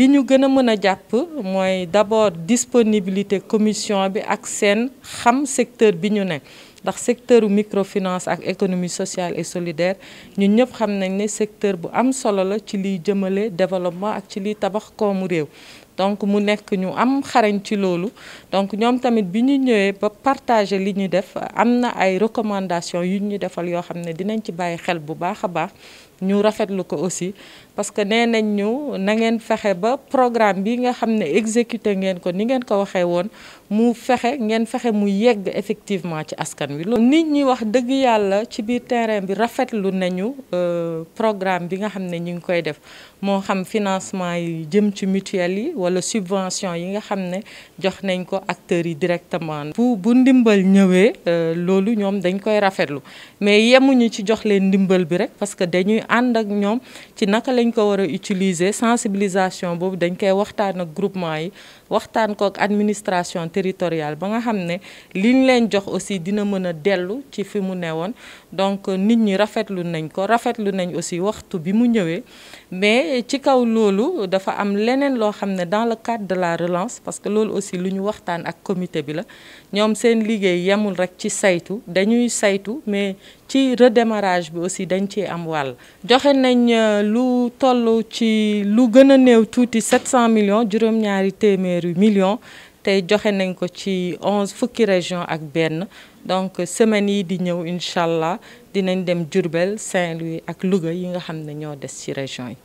li ñu gën a mën d'abord disponibilité commission bi ak seen xam secteur bi ñu ndax secteur microfinance ak économie sociale et solidaire ñun ñëpp xam nañ ne secteur bu am solo la ci li jëmale développement ak ci liy tabax koomu réew donc mu nek ñu am xarañ ci lolu donc ñom tamit bi ñu ñëwee ba partager li ñu def amna na ay recommandation yu ñu defal yo xamné dinañ ci bàyyi xel bu baaxa baax ñu rafetlu ko aussi parce que nee nañ ñu na ngeen fexé ba programme bi nga xamné exécuter ngeen ko ni ngeen ko waxé won mu fexé ngeen fexé mu yegg effectivement ci askan wi ni nit ñi wax deug yalla ci biir terrain bi rafetlu nañu euh, programme bi nga xamné ne ñu ngi koy def mo xam financement yi jëm ci mutuelle yi wala subvention yi nga xam ne jox nañ ko acteurs yi directement. bu bu ndimbal ñëwee euh, loolu ñoom dañ koy rafetlu mais yemuñu ci jox leen ndimbal bi rek parce que dañuy ànd ak ñoom ci naka lañ ko war a utiliser sensibilisation boobu dañ koy waxtaan ak groupement yi waxtaan ko ak administration territoriale ba nga xam ne liñ leen jox aussi dina mën a dellu ci fi mu newoon donc nit ñi rafetlu nañ ko rafetlu nañ aussi waxtu bi mu ñëwee. mais ci kaw loolu dafa am leneen loo xam ne dans le cadre de la relance parce que loolu aussi lu ñu waxtaan ak comité bi la ñoom seen liggéey yemul rek ci saytu dañuy saytu mais ci redémarrage bi aussi dañ ci am wàll joxe nañ euh, lu toll ci lu gën a néew tuuti 700 millions juróom-ñaari téeméeri million tay joxé nañ ko ci 11 fukki région ak ben donc semaine yi di ñëw inshallah allah dinañ dem Djourbel Saint-Louis ak Louga yi nga xamné ño dess ci région yi